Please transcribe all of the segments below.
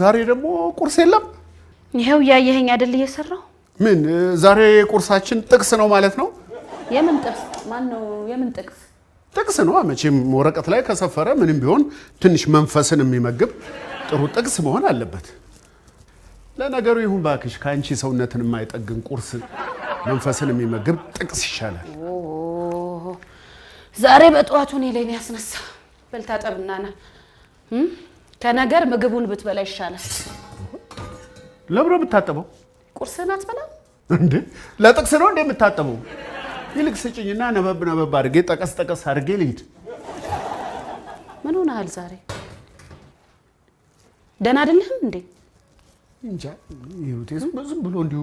ዛሬ ደግሞ ቁርስ የለም። ይኸው እያየኸኝ አይደል እየሰራው? ምን ዛሬ ቁርሳችን ጥቅስ ነው ማለት ነው? የምን ጥቅስ? ነው? የምን ጥቅስ? ጥቅስ ነው መቼም ወረቀት ላይ ከሰፈረ ምንም ቢሆን ትንሽ መንፈስን የሚመግብ ጥሩ ጥቅስ መሆን አለበት። ለነገሩ ይሁን ባክሽ፣ ከአንቺ ሰውነትን የማይጠግን ቁርስ መንፈስን የሚመግብ ጥቅስ ይሻላል። ዛሬ በጠዋቱ እኔ ላይ ያስነሳ። በልታጠብናና ከነገር ምግቡን ብትበላ ይሻላል። ለብሮ የምታጠበው ቁርስህን አትበላም እንዴ? ለጥቅስ ነው እንዴ የምታጠበው? ይልቅ ስጭኝና ነበብ ነበብ አድርጌ ጠቀስ ጠቀስ አድርጌ ልሂድ። ምን ሆነሃል ዛሬ? ደህና አይደለህም እንዴ? እንጃ ዝም ብሎ እንዲሁ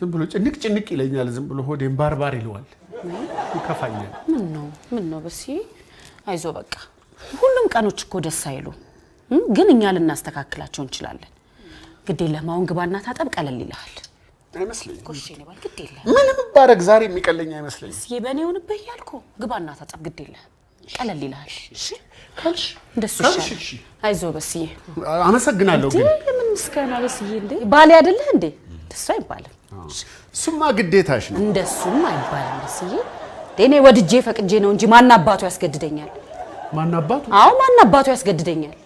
ዝም ብሎ ጭንቅ ጭንቅ ይለኛል። ዝም ብሎ ሆዴን ባርባር ይለዋል፣ ይከፋኛል። ምን ነው ምን ነው? በሲ አይዞ በቃ ሁሉም ቀኖች እኮ ደስ አይሉ፣ ግን እኛ ልናስተካክላቸው እንችላለን። ግድ የለም አሁን ግባና ታጠብ፣ ቀለል ይልሃል። ምንም ባረግ ዛሬ የሚቀለኝ አይመስለኝም። እስኪ በእኔ ሆንብህ እያልኩ ግባና ታጠብ፣ ግድ የለም ቀለል ይልሃል። እንደሱ አይዞህ በስዬ። አመሰግናለሁ። ግን ምን ምስጋና በስዬ፣ እንዴ ባሌ አይደለህ እንዴ? እንደሱ አይባልም። እሱማ ግዴታሽ ነው። እንደሱም አይባልም በስዬ። እኔ ወድጄ ፈቅጄ ነው እንጂ ማን አባቱ ያስገድደኛል? ማናባቱ? አዎ ማናባቱ ያስገድደኛል።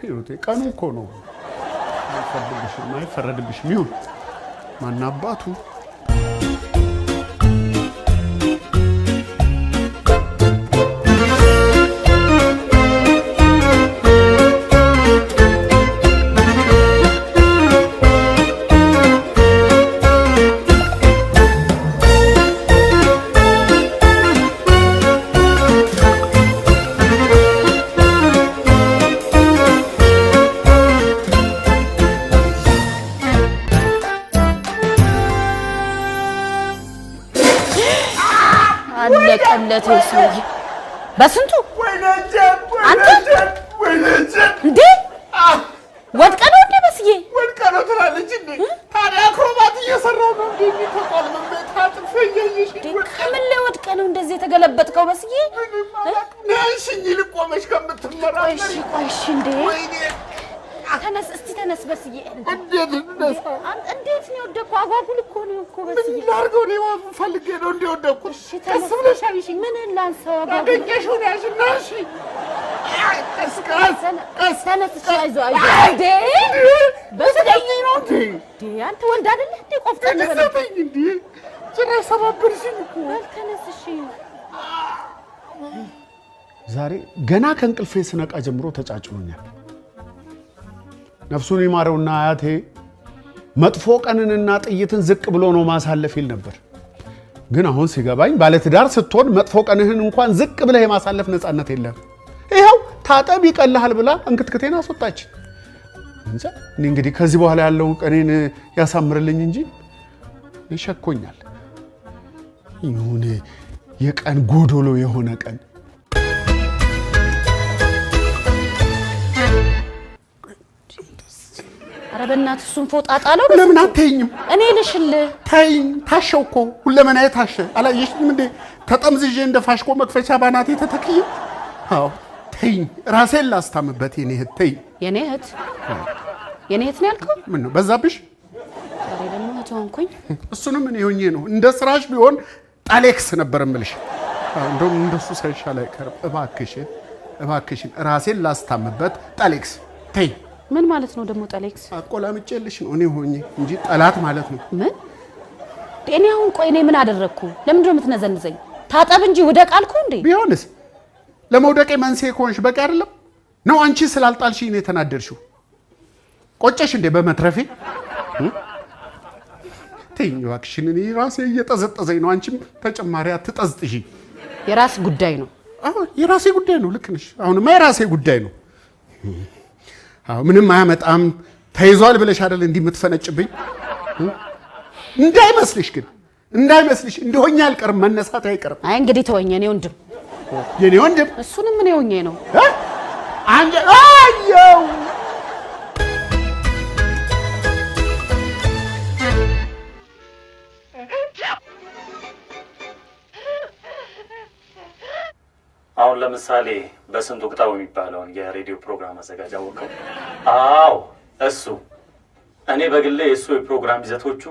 ሂሩቴ ቀኑ እኮ ነው። አይፈረድብሽም። ይሁን ማናባቱ አለቀለት ሰውዬ በስንቱ አንተ እንዴ ወድቀ ነው እንዴ? መስዬ ወድቀ ነው ትላለች እንዴ? ታዲያ አክሮባት እየሰራ ነው እንዴ? የሚተቋል ታጥፈ እያየሽ ከምን ላይ ወድቀ ነው እንደዚህ የተገለበጥከው? መስዬ ነሽኝ ልቆመሽ ከምትመራ ቆይሽ ቆይሽ እንዴ ተነስ እስቲ ተነስ በስዬ። እንዴት እንነሳ? እንዴት ነው የወደኩ? አጓጉል እኮ ነው እኮ በስዬ። ምን ላድርገው? እኔ ፈልጌ ነው እንደ ወደኩ። ቀስ ብለሽ አልሽኝ። ምን ላንሳው? አጓጉል አገኘሽው ነው ያልሽኝ። ና እሺ፣ ቀስ ቀስ ተነስ። እሺ፣ አይዞህ አይዞህ። እንዴ በስዬ ነው እንዴ? አንተ ወንድ አይደለህ እንዴ? ቆፍጠን በለኝ እንዴ! ጭራሽ ሰባበርሽኝ እኮ። ተነስ እሺ ዛሬ ገና ከእንቅልፌ ስነቃ ጀምሮ ተጫጭኖኛል። ነፍሱን ይማረውና አያቴ መጥፎ ቀንንና ጥይትን ዝቅ ብሎ ነው ማሳለፍ ይል ነበር። ግን አሁን ሲገባኝ ባለትዳር ስትሆን መጥፎ ቀንህን እንኳን ዝቅ ብለህ የማሳለፍ ነፃነት የለም። ይኸው ታጠብ ይቀልሃል ብላ እንክትክቴን አስወጣች። እንግዲህ ከዚህ በኋላ ያለውን ቀኔን ያሳምርልኝ እንጂ ይሸኮኛል። ይሁን የቀን ጎዶሎ የሆነ ቀን ኧረ በእናትህ እሱን ፎጣ ጣለው። ለምን አትይኝም? እኔ ልሽልህ። ታይኝ ታሸው እኮ ሁለመናዬ ታሸ። አላየሽኝም እንዴ? ተጠምዝዤ እንደ ፋሽኮ መክፈቻ ባናቴ ተተክዬ። አዎ ተይኝ፣ ራሴን ላስታምበት። የኔ እህት ተይኝ። የኔ እህት የኔ እህት ነው ያልከው? ምን ነው በዛብሽ? ዛሬ ደግሞ እህት ሆንኩኝ። እሱንም እኔ ሆኜ ነው። እንደ ስራሽ ቢሆን ጣሌክስ ነበር እምልሽ። እንደውም እንደሱ ሳይሻል አይቀርም። እባክሽን፣ እባክሽን ራሴን ላስታምበት። ጣሌክስ ተይኝ። ምን ማለት ነው ደግሞ ጠሌክስ? አቆላምጬልሽ ነው እኔ ሆኜ እንጂ ጠላት ማለት ነው። ምን እኔ አሁን ቆይ እኔ ምን አደረግኩ? ለምንድን ነው የምትነዘንዘኝ? ታጠብ እንጂ ውደቅ አልኩ እንዴ? ቢሆንስ ለመውደቄ መንስኤ ከሆንሽ በቂ አይደለም ነው? አንቺ ስላልጣልሽ እኔ የተናደድሽው ቆጨሽ እንዴ? በመትረፌ ተይኝ እባክሽን። እኔ ራሴ እየጠዘጠዘኝ ነው። አንቺም ተጨማሪ አትጠዝጥሽ። የራስ ጉዳይ ነው። የራሴ ጉዳይ ነው። ልክ ነሽ። አሁንማ የራሴ ጉዳይ ነው። ምንም አያመጣም ተይዟል ብለሽ አይደል እንዲህ የምትፈነጭብኝ? እንዳይመስልሽ ግን እንዳይመስልሽ እንደሆኛ አልቀርም፣ መነሳት አይቀርም። አይ እንግዲህ ተወኝ። እኔ ወንድም የኔ ወንድም እሱንም እኔ ሆኜ ነው አየው አሁን ለምሳሌ በስንት ወቅታው የሚባለውን የሬዲዮ ፕሮግራም አዘጋጅ አወቀው? አዎ እሱ። እኔ በግሌ የእሱ የፕሮግራም ይዘቶቹ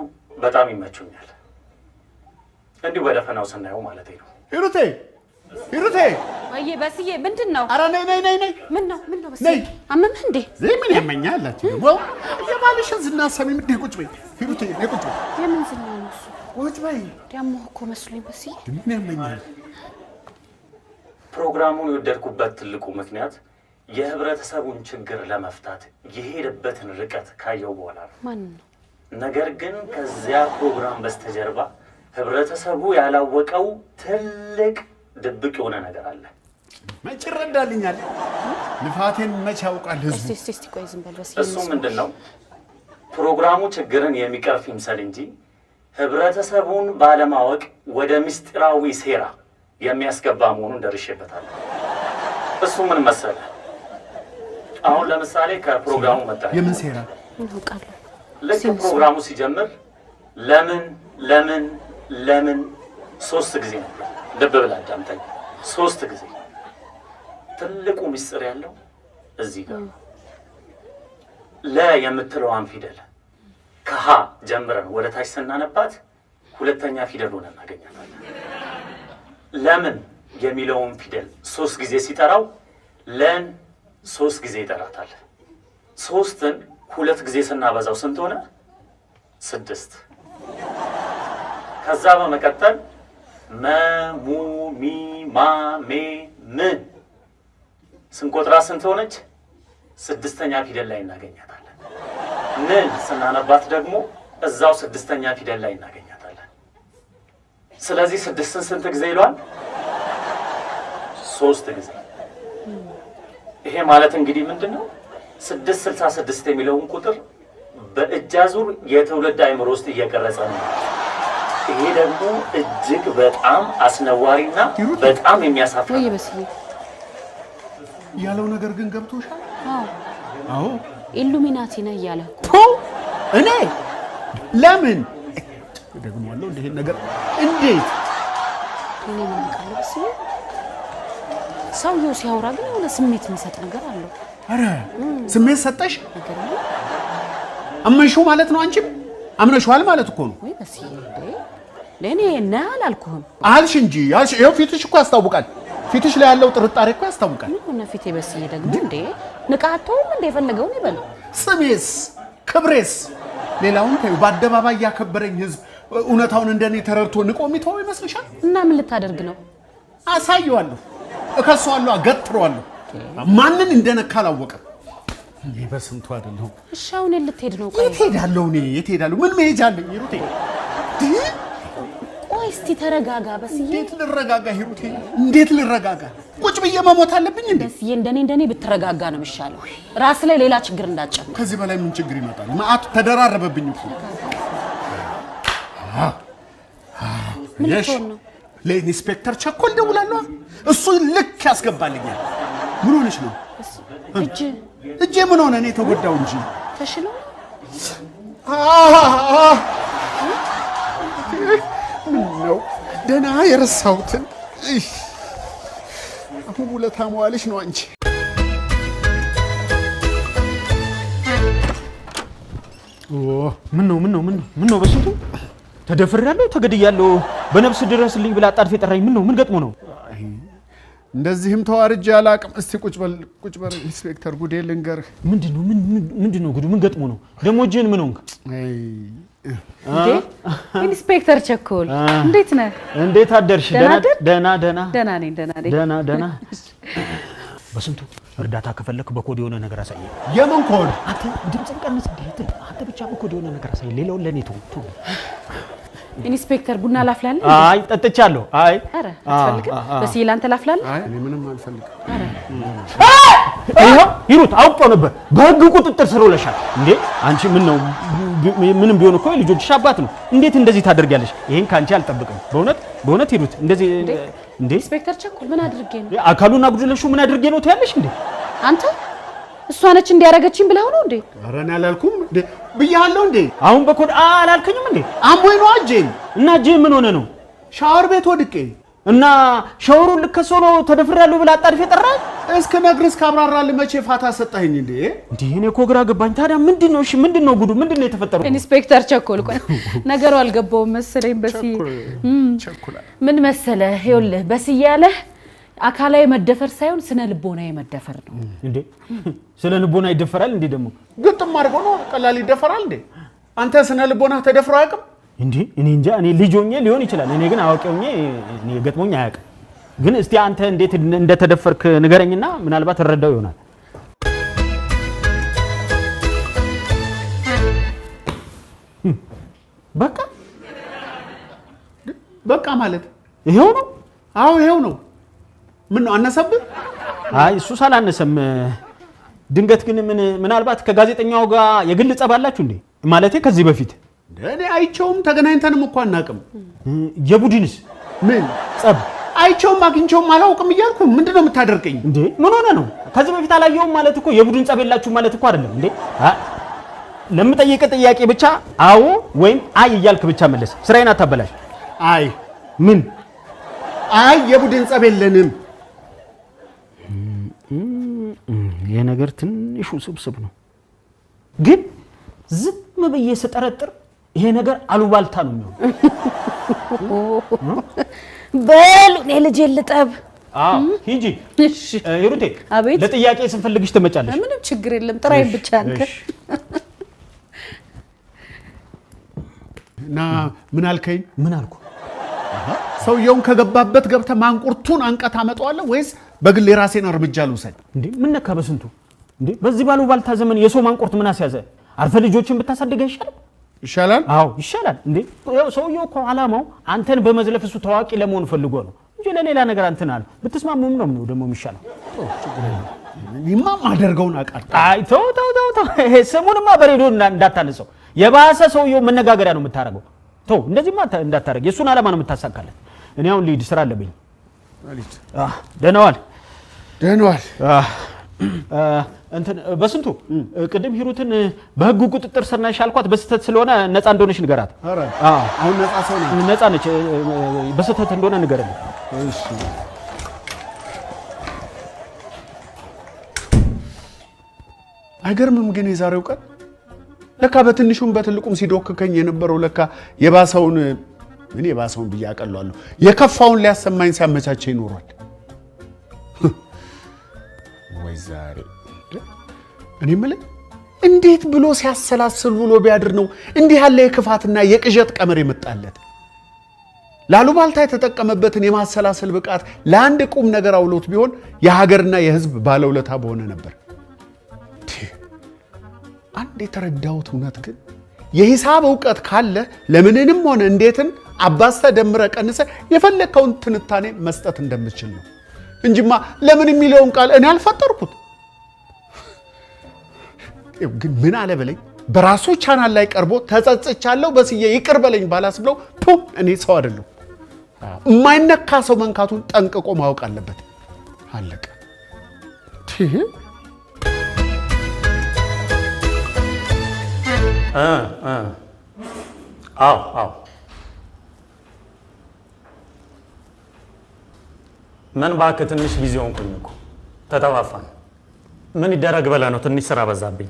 በጣም ይመቹኛል፣ እንዲሁ በደፈናው ስናየው ማለት ነው። ሂሩቴ ሂሩቴ! ወይ በስዬ፣ ምንድን ነው? ኧረ ነይ ነይ ነይ ነይ! ምን ነው ምን ነው? በስዬ አመመህ እንዴ? ዘይ ምን ያመኛል አላችሁ ነው? የባልሽን ዝና ሰሚ ምን ቁጭ በይ ሂሩቴ፣ ነይ ቁጭ በይ። የምን ዝና ነው እሱ? ቁጭ በይ። ደሞ እኮ መስሎኝ በስዬ። ምን ያመኛል ፕሮግራሙን የወደድኩበት ትልቁ ምክንያት የህብረተሰቡን ችግር ለመፍታት የሄደበትን ርቀት ካየው በኋላ ነው። ነገር ግን ከዚያ ፕሮግራም በስተጀርባ ህብረተሰቡ ያላወቀው ትልቅ ድብቅ የሆነ ነገር አለ። መች ይረዳልኛል? ልፋቴን መች ያውቃል ህዝቡ? እሱ ምንድን ነው? ፕሮግራሙ ችግርን የሚቀርፍ ይምሰል እንጂ ህብረተሰቡን ባለማወቅ ወደ ምስጢራዊ ሴራ የሚያስገባ መሆኑን ደርሼበታለሁ። እሱ ምን መሰለ፣ አሁን ለምሳሌ ከፕሮግራሙ መጣ የምን ሴራ ልክ ፕሮግራሙ ሲጀምር ለምን ለምን ለምን ሶስት ጊዜ ነበር። ልብ ብላ አዳምጠኝ። ሶስት ጊዜ ትልቁ ምስጢር ያለው እዚህ ጋር ለ የምትለዋን ፊደል ከሀ ጀምረን ወደ ታች ስናነባት ሁለተኛ ፊደል ሆነ እናገኛታለን። ለምን የሚለውን ፊደል ሶስት ጊዜ ሲጠራው ለን ሶስት ጊዜ ይጠራታል። ሶስትን ሁለት ጊዜ ስናበዛው ስንት ሆነ? ስድስት። ከዛ በመቀጠል መሙሚማሜ ምን ማ ስንቆጥራ ስንት ሆነች? ስድስተኛ ፊደል ላይ እናገኛታለን። ምን ስናነባት ደግሞ እዛው ስድስተኛ ፊደል ላይ እናገኛታለን። ስለዚህ ስድስትን ስንት ጊዜ ይሏል ሶስት ጊዜ። ይሄ ማለት እንግዲህ ምንድን ነው? ስድስት ስልሳ ስድስት የሚለውን ቁጥር በእጃዙር የትውልድ አይምሮ ውስጥ እየቀረጸ ነው። ይሄ ደግሞ እጅግ በጣም አስነዋሪና በጣም የሚያሳፍር ያለው ነገር ግን ገብቶሻል? አዎ ኢሉሚናቲ ነህ እያለ እኔ ለምን ደግሞ ያለው እንዲህን ነገር እንዴት እኔ ምን ቃል ስለ ሰውየው ሲያወራ ግን የሆነ ስሜት የሚሰጥ ነገር አለው። አረ ስሜት ሰጠሽ አመንሹ ማለት ነው። አንቺም አምነሽዋል ማለት እኮ ነው። ወይ በስ በሲ ለእኔ እና አላልኩህም አልሽ እንጂ አልሽ። ይኸው ፊትሽ እኮ ያስታውቃል። ፊትሽ ላይ ያለው ጥርጣሬ እኮ ያስታውቃል። ምን ሆነ ፊቴ በስዬ ደግሞ እንዴ ንቃቶም እንደ የፈለገውን ይበል። ስሜስ ክብሬስ ሌላውን ተይው። በአደባባይ ያከበረኝ ህዝብ እውነታውን እንደኔ ተረድቶ ንቆ የሚተው ይመስልሻል? እና ምን ልታደርግ ነው? አሳየዋለሁ፣ እከሰዋለሁ፣ አገትረዋለሁ። ማንን እንደነካ አላወቀም። እኔ በስንቱ አይደለሁም። እሺ አሁን ልትሄድ ነው? የት ሄዳለሁ? እኔ የት ሄዳለሁ? ምን መሄጃ አለኝ? ሂሩቴ ቆይ እስቲ ተረጋጋ። በስዬ እንዴት ልረጋጋ? ሂሩቴ እንዴት ልረጋጋ? ቁጭ ብዬ መሞት አለብኝ እንዴ? በስዬ እንደኔ እንደኔ ብትረጋጋ ነው የሚሻለው። ራስ ላይ ሌላ ችግር እንዳጨምር። ከዚህ በላይ ምን ችግር ይመጣል? መዓት ተደራረበብኝ እኮ ለኢንስፔክተር ቸኮል ደውላለሁ። እሱ ልክ ያስገባልኛል። ምን ሆነሽ ነው? እጄ ምን ሆነ? እኔ ተጎዳው እንጂ ተሽሎ ምነው ደህና የረሳሁትን አሁን ውለታ መዋልሽ ነው አንቺ። ምነው ምነው ምነው ምነው በስቱ ተደፍሬያለሁ፣ ተገድያለሁ፣ በነብስ ድረስልኝ ብላ አጣድፍ የጠራኝ ምን ነው? ምን ገጥሞ ነው? እንደዚህም ተዋርጄ አላቅም። እስቲ ቁጭ በል ቁጭ በል ኢንስፔክተር፣ ጉዴ ልንገርህ። ምንድን ነው ምንድን ነው ጉዱ? ምን ገጥሞ ነው ደግሞ? እጅህን ምን ሆንክ? ኢንስፔክተር ቸኮል እንዴት ነህ? እንዴት አደርሽ? ደህና ደህና ደህና ነኝ። ደህና ደህና በስንቱ እርዳታ ከፈለክ በኮድ የሆነ ነገር አሳየ። የምን ኮድ? አንተ ድምፅን ቀንስ። እንዴት አንተ ብቻ በኮድ የሆነ ነገር አሳየ። ሌላውን ለኔ ተው ኢንስፔክተር ቡና ላፍላለህ? አይ ጠጥቻለሁ። አይ አረ አትፈልግም? በስ ይላንተ ላፍላለህ? አይ እኔ ምንም አልፈልግም። ይኸው ሂሩት አውቀው ነበር። በህግ ቁጥጥር ስር ውለሻል እንዴ! አንቺ ምን ነው ምንም ቢሆን እኮ ልጆችሽ አባት ነው። እንዴት እንደዚህ ታደርጊያለሽ? ይሄን ካንቺ አልጠብቅም። በእውነት በእውነት ሂሩት እንደዚህ እንዴ! ኢንስፔክተር ቸኩል ምን አድርጌ ነው? አካሉን አጉድለሽው ምን አድርጌ ነው ትያለሽ እንዴ? አንተ እሷ ነች እንዲያረገችኝ ብለው ነው እንዴ? ኧረ እኔ አላልኩም። ብያለሁ እንዴ? አሁን በኮድ አላልከኝም እንዴ? አምቦይ ነው እጄን እና እጄ ምን ሆነ ነው? ሻወር ቤት ወድቄ እና ሻወሩን ልከሶ ነው ተደፍሬያለሁ ብለህ አጣድፌ ጠራኸኝ? እስከ ነግርህ እስከ መቼ ፋታ ሰጠኸኝ እንዴ? እንዴ እኔ እኮ ግራ ገባኝ። ታዲያ ምንድን ነው እሺ፣ ምንድን ነው ጉዱ? ምንድን ነው የተፈጠረው? ኢንስፔክተር ቸኮል፣ ቆይ ነገሩ አልገባውም መሰለኝ። በሲ ምን መሰለህ፣ ይኸውልህ በሲ እያለህ አካላዊ መደፈር ሳይሆን ስነ ልቦና መደፈር ነው እንዴ? ስነ ልቦና ይደፈራል እንዴ? ደግሞ ግጥም አድርጎ ነው ቀላል ይደፈራል እንዴ? አንተ ስነ ልቦና ተደፍሮ አያውቅም እንዴ? እኔ እንጃ። እኔ ልጅ ሆኜ ሊሆን ይችላል። እኔ ግን አዋቂ ሆኜ እኔ ገጥሞኝ አያውቅም። ግን እስቲ አንተ እንዴት እንደተደፈርክ ንገረኝና ምናልባት እረዳው ይሆናል። በቃ በቃ ማለት ይሄው ነው። አዎ ይሄው ነው። ምን ነው አነሰብህ? አይ እሱስ አላነሰም። ድንገት ግን ምን ምናልባት ከጋዜጠኛው ጋር የግል ጸብ አላችሁ እንዴ? ማለት ከዚህ በፊት እኔ አይቸውም፣ ተገናኝተንም እኮ አናውቅም። የቡድንስ ምን ጸብ? አይቸውም አግኝቸውም አላውቅም እያልኩ ምንድን ነው የምታደርቀኝ እንዴ? ምን ሆነ ነው? ከዚህ በፊት አላየውም ማለት እኮ የቡድን ጸብ የላችሁ ማለት እኮ አይደለም እንዴ? ለምጠየቀ ጥያቄ ብቻ አዎ ወይም አይ እያልክ ብቻ መለስ። ስራዬን አታበላሽ። አይ ምን አይ የቡድን ጸብ የለንም ይሄ ነገር ትንሹ ስብስብ ነው። ግን ዝም ብዬ ስጠረጥር ይሄ ነገር አሉባልታ ነው የሚሆነው። በሉ እኔ ልጅ ልጠብ ሂጂ። ሂሩቴ ለጥያቄ ስንፈልግሽ ትመጫለሽ። ምንም ችግር የለም። ጥራይ ብቻ እና ምን አልከኝ? ምን አልኩ? ሰውየውን ከገባበት ገብተ ማንቁርቱን አንቀት አመጣዋለሁ ወይስ በግል የራሴን እርምጃ ልውሰድ? እንዴ ምን ነካ በስንቱ እንዴ! በዚህ ባሉ ባልታ ዘመን የሰው ማንቁርት ምን አስያዘ? አርፈ ልጆችን ብታሳድገ ይሻላል ይሻላል። አዎ ይሻላል። እንዴ ሰውየው እኮ አላማው አንተን በመዝለፍ እሱ ታዋቂ ለመሆን ፈልጎ ነው እንጂ ለሌላ ነገር አንተን አለ ብትስማሙም ነው ነው ደግሞ የሚሻለው። እኔማ ማደርገውን አውቃለሁ። አይ ተው ተው ተው ተው፣ ስሙንማ በሬዲዮ እንዳታነሰው። የባሰ ሰውየው መነጋገሪያ ነው የምታደርገው። ተው እንደዚህማ እንዳታደርግ። የእሱን አላማ ነው የምታሳካለት። እኔ አሁን ልሂድ፣ ስራ አለብኝ። ደህና ዋል፣ ደህና ዋል። እንትን በስንቱ ቅድም ሂሩትን በህጉ ቁጥጥር ስር ነሽ አልኳት። በስህተት ስለሆነ ነፃ እንደሆነች ንገራት። አሁን ነፃ ሰው ነፃ ነች። በስህተት እንደሆነ ንገረል። አይገርምም ግን የዛሬው ቀን ለካ በትንሹም በትልቁም ሲዶክከኝ የነበረው ለካ የባሰውን እኔ የባሰውን ብዬ አቀለዋለሁ። የከፋውን ሊያሰማኝ ሲያመቻቸ ይኖሯል ወይ ዛሬ እኔ የምልህ እንዴት ብሎ ሲያሰላስል ብሎ ቢያድር ነው እንዲህ ያለ የክፋትና የቅዠት ቀመር የመጣለት? ላሉባልታ የተጠቀመበትን የማሰላሰል ብቃት ለአንድ ቁም ነገር አውሎት ቢሆን የሀገርና የሕዝብ ባለውለታ በሆነ ነበር። አንድ የተረዳሁት እውነት ግን የሂሳብ እውቀት ካለ ለምንንም ሆነ እንዴትን አባስተ ደምረ ቀንሰ የፈለግከውን ትንታኔ መስጠት እንደምችል ነው እንጂማ ለምን የሚለውን ቃል እኔ አልፈጠርኩት። ግን ምን አለ በለኝ በራሱ ቻናል ላይ ቀርቦ ተጸጽቻለሁ በስዬ ይቅር በለኝ ባላስ ብለው እኔ ሰው አይደለሁ። የማይነካ ሰው መንካቱን ጠንቅቆ ማወቅ አለበት። አለቀ። አዎ አዎ ምን እባክህ ትንሽ ጊዜ ሆንኩኝ እኮ ተጠፋፋን። ምን ይደረግ ብለህ ነው? ትንሽ ስራ በዛብኝ።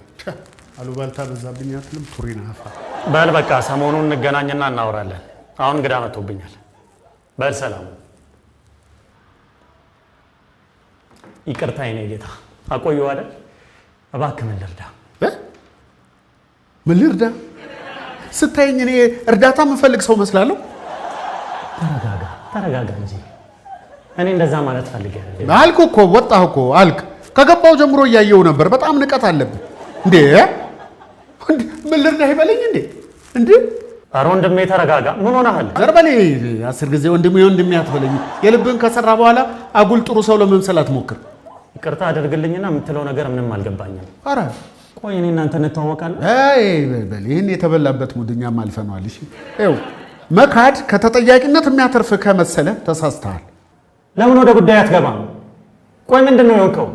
አሉባልታ በዛብኝ አትልም ቱሪ አፋ በል በቃ ሰሞኑን እንገናኝና እናወራለን። አሁን እንግዳ መጥቶብኛል። በል ሰላም። ይቅርታ የኔ ጌታ አቆየሁ አይደል? እባክህ ምን ልርዳ? ምን ልርዳ? ስታየኝ እኔ እርዳታ የምፈልግ ሰው መስላለሁ? ተረጋጋ፣ ተረጋጋ እንጂ እኔ እንደዛ ማለት ፈልጌ አልኩ እኮ ወጣህ እኮ አልክ። ከገባው ጀምሮ እያየው ነበር። በጣም ንቀት አለብን እንዴ! ምን ልርዳህ ይበለኝ እንዴ! እንዴ! ኧረ ወንድሜ ተረጋጋ። ምን ሆነሃል? ዘር በል አስር ጊዜ ወንድሜ ወንድሜ አትበለኝ። የልብን ከሰራ በኋላ አጉል ጥሩ ሰው ለመምሰል አትሞክር። ይቅርታ አደርግልኝና የምትለው ነገር ምንም አልገባኝም። አረ ቆይ እኔ እናንተ እንተዋወቃለን። ይህን የተበላበት ሙድኛም አልፈነዋል። መካድ ከተጠያቂነት የሚያተርፍ ከመሰለ ተሳስተሃል። ለምን ወደ ጉዳይ አትገባም? ቆይ ምንድን ነው የሆንከው?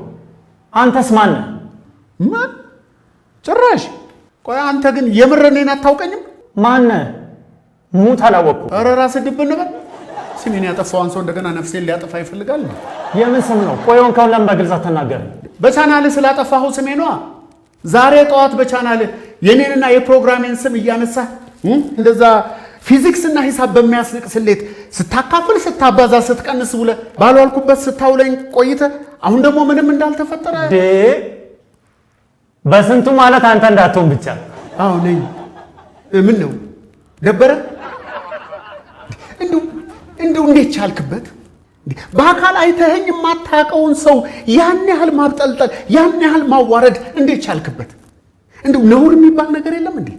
አንተስ ማን ማን? ጭራሽ! ቆይ አንተ ግን የምር እኔን አታውቀኝም? ማን ሙት አላወቅኩ። ኧረ ራስህ ድብ በል። ስሜን ያጠፋውን ሰው እንደገና ነፍሴን ሊያጠፋ ይፈልጋል። የምን ስም ነው? ቆይ ሆንከውን ለምን በግልጽ አትናገር? በቻናልህ ስላጠፋሁ ስሜ ነዋ። ዛሬ ጠዋት በቻናልህ የኔንና የፕሮግራሜን ስም እያነሳህ እንደዛ ፊዚክስና ሂሳብ በሚያስንቅ ስሌት ስታካፍል ስታባዛ ስትቀንስ ውለ ባልዋልኩበት ስታውለኝ ቆይተ አሁን ደግሞ ምንም እንዳልተፈጠረ በስንቱ ማለት አንተ እንዳትሆን ብቻ። አዎ ነኝ። ምን ነው ደበረ? እንዲሁ እንዴት ቻልክበት? በአካል አይተኸኝ የማታውቀውን ሰው ያን ያህል ማብጠልጠል፣ ያን ያህል ማዋረድ እንዴት ቻልክበት? እንዲሁ ነውር የሚባል ነገር የለም እንዴ?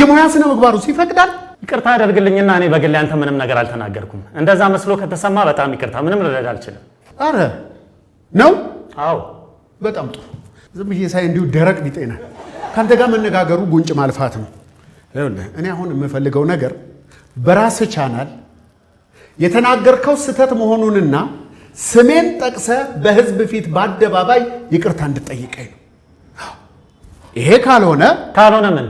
የሙያ ስነ ምግባሩ ይፈቅዳል? ይቅርታ አደርግልኝና እኔ በግል አንተ ምንም ነገር አልተናገርኩም። እንደዛ መስሎ ከተሰማ በጣም ይቅርታ። ምንም ልረዳ አልችልም። አረ ነው? አዎ። በጣም ጥሩ። ዝም ብዬ ሳይ እንዲሁ ደረቅ ቢጤና ከአንተ ጋር መነጋገሩ ጉንጭ ማልፋት ነው። እኔ አሁን የምፈልገው ነገር በራስ ቻናል የተናገርከው ስህተት መሆኑንና ስሜን ጠቅሰ በህዝብ ፊት በአደባባይ ይቅርታ እንድጠይቀኝ ነው። ይሄ ካልሆነ ካልሆነ ምን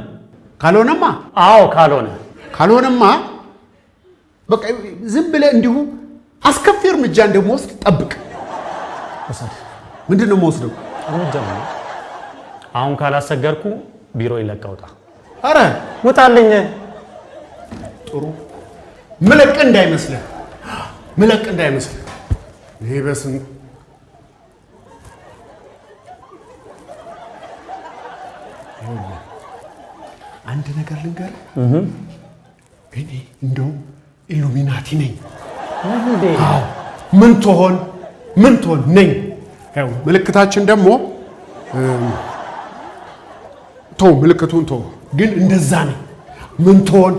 ካልሆነማ? አዎ ካልሆነ ካልሆነማ በቃ ዝም ብለህ እንዲሁ አስከፊ እርምጃ እንደመወስድ ጠብቅ። ምንድን ነው የምወስደው እርምጃ? አሁን ካላሰገርኩ ቢሮ ይለቀውጣ። አረ ውጣልኝ። ጥሩ ምለቅ እንዳይመስልህ፣ ምለቅ እንዳይመስልህ። ይሄ በስም አንድ ነገር ልንገርህ እኔ እንደውም ኢሉሚናቲ ነኝ። ምን ትሆን ምን ትሆን ነኝ። ምልክታችን ደግሞ ቶ ምልክቱን ቶ ግን እንደዛ ነኝ። ምን ትሆን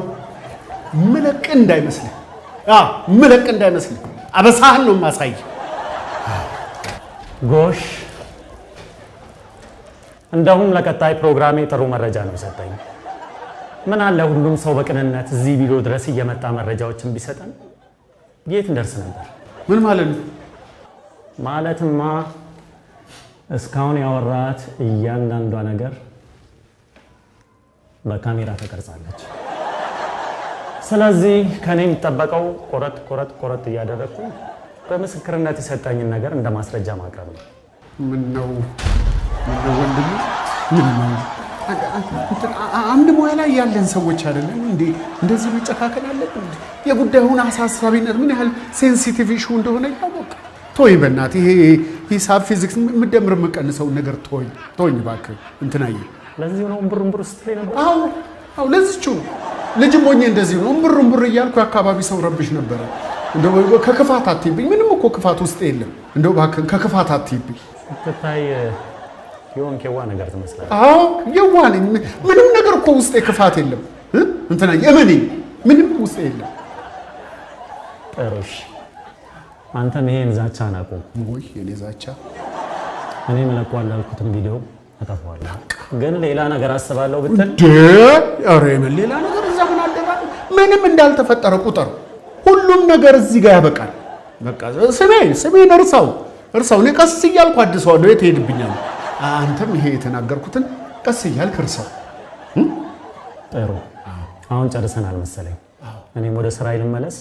ምለቅ እንዳይመስልህ፣ ምለቅ እንዳይመስልህ። አበሳህን ነው የማሳይ። ጎሽ እንደውም ለቀጣይ ፕሮግራሜ ጥሩ መረጃ ነው የሰጠኝ። ምን አለ ሁሉም ሰው በቅንነት እዚህ ቢሮ ድረስ እየመጣ መረጃዎችን ቢሰጠን የት እንደርስ ነበር። ምን ማለት ነው? ማለትማ እስካሁን ያወራት እያንዳንዷ ነገር በካሜራ ተቀርጻለች። ስለዚህ ከኔ የሚጠበቀው ቆረጥ ቆረጥ ቆረጥ እያደረግኩ በምስክርነት የሰጠኝን ነገር እንደ ማስረጃ ማቅረብ ነው። ምነው ወንድም አንድ ሙያ ላይ ያለን ሰዎች አይደለም እንዴ? እንደዚህ መጨካከል አለብን? የጉዳዩን አሳሳቢነት ምን ያህል ሴንሲቲቭ ኢሹ እንደሆነ ይታወቅ። ቶይ በእናትህ ይሄ ሂሳብ፣ ፊዚክስ የምደምር የምቀንሰውን ነገር ቶኝ ቶኝ፣ እባክህ እንትናየ ለዚህ ነው እምብር እምብር ስትለኝ ነበር። አዎ አዎ፣ ለዚችው ነው ልጅም ሆኜ እንደዚህ ነው እምብር እምብር እያልኩ የአካባቢ ሰው ረብሽ ነበረ። እንደው ከክፋት አትይብኝ። ምንም እኮ ክፋት ውስጥ የለም። እንደው እባክህን ከክፋት አትይብኝ። ስትታይ የሆንክ የዋህ ነገር ትመስላለህ። አዎ የዋህ ነኝ። ምንም ነገር እኮ ውስጤ ክፋት የለም። እንትና የመነኝ ምንም ውስጤ የለም። ጠሮሽ አንተም ይሄን ዛቻ አናቁም ወይ? የኔ ዛቻ እኔ ለቋል ያልኩትን ቪዲዮ እጠፋዋለሁ። ግን ሌላ ነገር አስባለሁ ብትል ኧረ የምን ሌላ ነገር እዛ ምን አለ? ምንም እንዳልተፈጠረ ቁጥር ሁሉም ነገር እዚህ ጋር ያበቃል። በቃ ስሜ ስሜን እርሳው እርሳው። እኔ ቀስ እያልኩ አድሰዋለሁ። የት ሄድብኛል? አንተም ይሄ የተናገርኩትን ቀስ እያልክ እርሰው። ጥሩ አሁን ጨርሰናል መሰለኝ። እኔም ወደ ስራ ልመለስ፣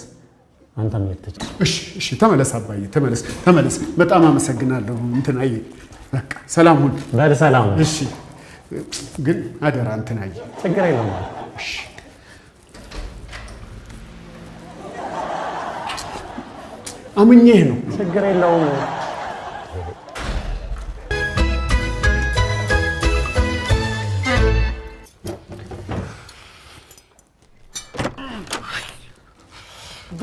አንተም ሄድ እሺ እሺ፣ ተመለስ አባዬ፣ ተመለስ ተመለስ። በጣም አመሰግናለሁ። እንትናዬ በቃ ሰላም ሁን። በል ሰላም። እሺ፣ ግን አደራ እንትናዬ። ችግር የለም። እሺ አምኜህ ነው። ችግር የለውም።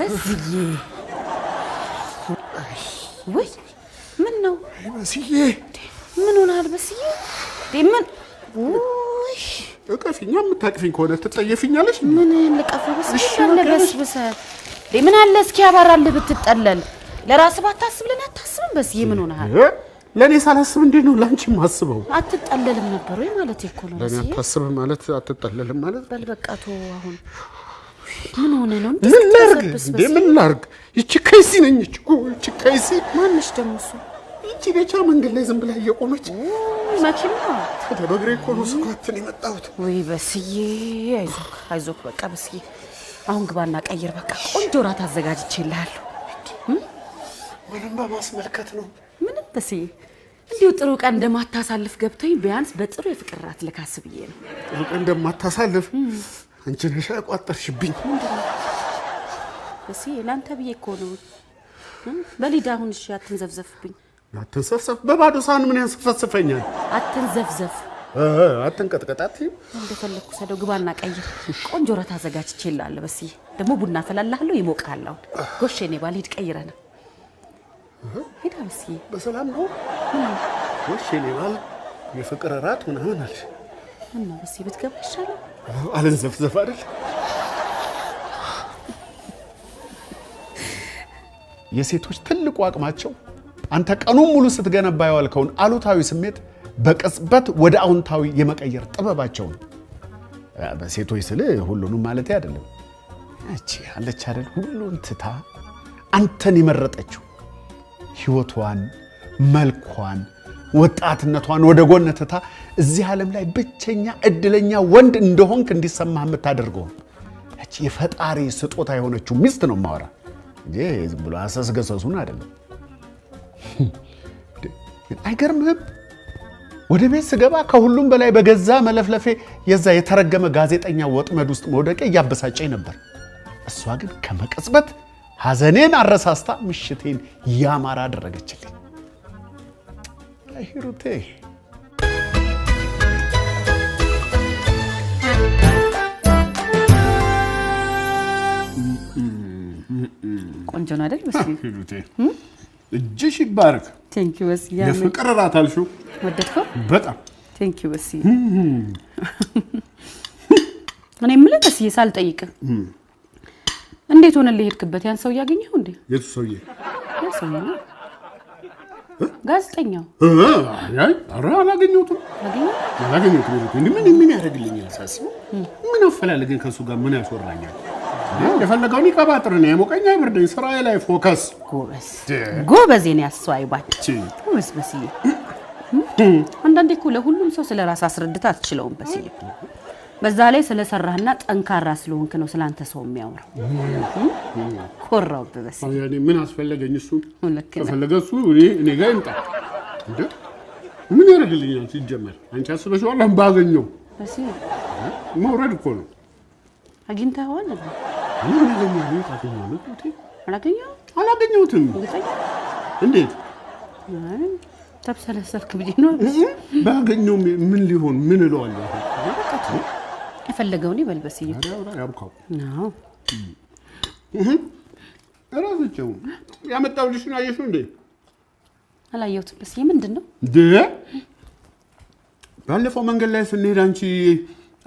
መስዬ ወይ ምን ነው መስዬ? ምን ሆናል መስዬ? ምን እቀፊኛ። የምታቅፊኝ ከሆነ ትጠየፊኛለሽ። ምን ልቀፍ? በስበስብሰት ምን አለ እስኪ ያባራልህ ብትጠለል። ለራስህ ባታስብ ለእኔ አታስብም። በስዬ ምን ሆነሃል? ለእኔ ሳላስብ እንዴት ነው ለአንቺ ማስበው? አትጠለልም ነበር ወይ ማለት እኮ ነው። ለእኔ አታስብም ማለት አትጠለልም ማለት በል በቃ ተወው አሁን ምን ሆነ ነው? ምን ላርግ እንዴ? ምን ላርግ? ይቺ ከይሲ ነኝ። ይቺ ይቺ ከይሲ ማንሽ? ደግሞ እሱ ይቺ ቤቻ መንገድ ላይ ዝም ብላ እየቆመች መኪና ታዲያ በእግሬ እኮ ነው ስኳትን የመጣሁት። ወይ በስዬ፣ አይዞክ አይዞክ፣ በቃ በስዬ፣ አሁን ግባና ቀይር። በቃ ቆንጆ ራት አዘጋጅቼልሃለሁ። ምንም በማስመልከት ነው። ምንም በስዬ፣ እንዲሁ ጥሩ ቀን እንደማታሳልፍ ገብቶኝ ቢያንስ በጥሩ የፍቅር ራት ልካስ ብዬ ነው። ጥሩ ቀን እንደማታሳልፍ አንቺ ነሽ ያቋጠርሽብኝ። እሺ ለአንተ ብዬ እኮ ነው። በሊዳ አሁን እሺ፣ አትንዘፍዘፍብኝ። አትንዘፍዘፍ። በባዶ ሳህን ምን ያንሰፈስፈኛል? አትንዘፍዘፍ። አትንቀጥቀጣት። እንደፈለኩ ሰደው ግባና ቀይር። ቆንጆ ረት አዘጋጅቼልሃለሁ። በስዬ ደግሞ ቡና ፈላልሃለሁ፣ ይሞቃል። አሁን ጎሽ፣ የእኔ ባል ሂድ፣ ቀይረን ሂድ። በስዬ በሰላም ነው። ጎሽ፣ የእኔ ባል የፍቅር እራት ምናምን አለሽ እና በስዬ ብትገባ ይሻላል። አልንዘፍዘፍ አይደል? የሴቶች ትልቁ አቅማቸው አንተ ቀኑን ሙሉ ስትገነባ የዋልከውን አሉታዊ ስሜት በቅጽበት ወደ አውንታዊ የመቀየር ጥበባቸውን። በሴቶች ስል ሁሉንም ማለት አይደለም። እቺ አለች አይደል? ሁሉን ትታ አንተን የመረጠችው ህይወቷን መልኳን ወጣትነቷን ወደ ጎን ትታ እዚህ ዓለም ላይ ብቸኛ እድለኛ ወንድ እንደሆንክ እንዲሰማ የምታደርገው የፈጣሪ ስጦታ የሆነችው ሚስት ነው ማወራ እንጂ ዝም ብሎ አሰስገሰሱን አይደለም። አይገርምህም? ወደ ቤት ስገባ ከሁሉም በላይ በገዛ መለፍለፌ የዛ የተረገመ ጋዜጠኛ ወጥመድ ውስጥ መውደቀ እያበሳጨኝ ነበር። እሷ ግን ከመቀጽበት ሐዘኔን አረሳስታ ምሽቴን እያማረ አደረገችልኝ። Yahiro Tei. ቆንጆ ነው አይደል? እጅሽ ይባረክ። ቴንኪው ወስዬ። የፍቅር እራት አልሽው ወደድከው? በጣም ቴንኪው ወስዬ። እኔ የምልህ ወስዬ ሳልጠይቅህ እንዴት ሆነ ሊሄድክበት? ያን ሰውዬ አገኘኸው እንዴ? የቱ ሰውዬ? ያ ሰውዬ ነው ጋዜጠኛው አላገኘሁትም አላገኘሁትም። እንዲህ ምን ምን ያደርግልኛል ሳስበው፣ ምን አፈላልግን ከእሱ ጋር ምን ያስወራኛል? የፈለገውን ይቀባጥር ነው የሞቀኝ አይብርደኝ፣ ስራዬ ላይ ፎከስ። ጎበዝ ጎበዝ፣ የኔ አስተዋይባል ጎበዝ በስዬ። አንዳንዴ እኮ ለሁሉም ሰው ስለ ራስ አስረድት አትችለውም በስዬ በዛ ላይ ስለሰራህና ጠንካራ ስለሆንክ ነው ስለአንተ ሰው የሚያወራው። ኮራው በስ ምን አስፈለገኝ? እሱ ከፈለገ እሱ እኔ ጋር ይምጣ። ምን ያደርግልኛል? ሲጀመር አንቺ አስበሽዋል? ባገኘው መውረድ እኮ ነው። አግኝተኸዋል? አላገኘሁትም። እንዴት ተብሰለሰልክ ብዬ ነው። ባገኘው ምን ሊሆን ምን እለዋለሁ? የፈለገውን ይበልበስ። ያብካው ያመጣው ልሽን አየሽ እንዴ? አላየሁትም። በስዬ ምንድን ነው ባለፈው መንገድ ላይ ስንሄድ አንቺ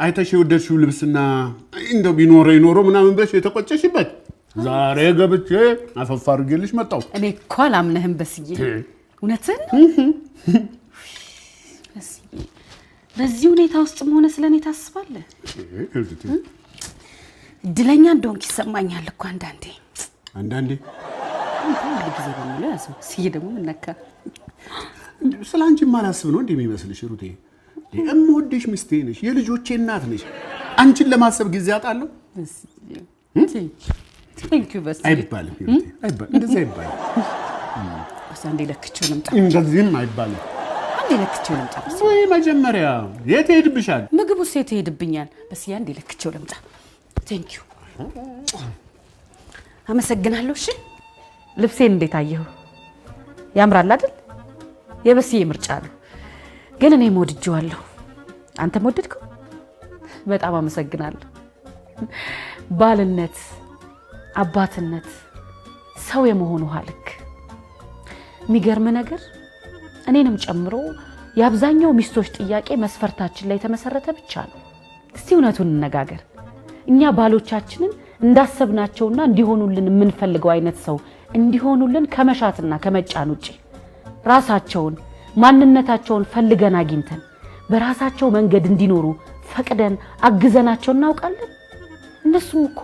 አይተሽ የወደድሽው ልብስና እንደው ቢኖረ ይኖረ ምናምን ብለሽ የተቆጨሽበት ዛሬ ገብቼ አፈፋ አድርጌልሽ መጣሁ። እኔ እኮ አላምነህም በስዬ፣ እውነትህን ነው። በዚህ ሁኔታ ውስጥ መሆነ ስለ እኔ ታስባለህ? እድለኛ እንደሆንክ ይሰማኛል እኮ አንዳንዴ አንዳንዴ ጊዜ በሙሉ ያዘው ስዬ ደግሞ ምነካ ስለ አንቺ ማላስብ ነው እንዴ የሚመስልሽ? ሩቴ እምወድሽ ሚስቴ ነሽ፣ የልጆቼ እናት ነሽ። አንቺን ለማሰብ ጊዜ አጣለሁ አይባልም። እንደዚህ አይባልም። እንደዚህም አይባልም። አንዴ ለክቼው ልምጣ። ወይ መጀመሪያ የት ሄድብሻል? ምግቡስ የት ሄድብኛል? በስ አንዴ ለክቼው ልምጣ። ቴንክ ዩ አመሰግናለሁ። እሺ ልብሴን እንዴት አየሁ? ያምራል አይደል? የበስዬ ምርጫ ነው፣ ግን እኔም ወድጄዋለሁ። አንተም ወደድከው? በጣም አመሰግናለሁ። ባልነት፣ አባትነት፣ ሰው የመሆኑ ውሃ ልክ የሚገርም ነገር እኔንም ጨምሮ የአብዛኛው ሚስቶች ጥያቄ መስፈርታችን ላይ የተመሰረተ ብቻ ነው። እስቲ እውነቱን እንነጋገር። እኛ ባሎቻችንን እንዳሰብናቸውና እንዲሆኑልን የምንፈልገው አይነት ሰው እንዲሆኑልን ከመሻትና ከመጫን ውጭ ራሳቸውን ማንነታቸውን ፈልገን አግኝተን በራሳቸው መንገድ እንዲኖሩ ፈቅደን አግዘናቸው እናውቃለን። እነሱም እኮ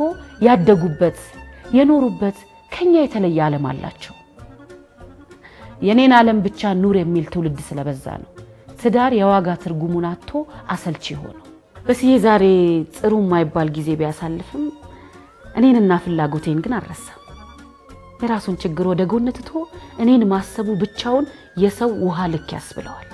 ያደጉበት የኖሩበት ከኛ የተለየ ዓለም አላቸው። የኔን ዓለም ብቻ ኑር የሚል ትውልድ ስለበዛ ነው ትዳር የዋጋ ትርጉሙን አጥቶ አሰልቺ የሆነው በስዬ ዛሬ ጥሩ የማይባል ጊዜ ቢያሳልፍም እኔንና ፍላጎቴን ግን አልረሳም። የራሱን ችግር ወደ ጎን ትቶ እኔን ማሰቡ ብቻውን የሰው ውሃ ልክ ያስብለዋል።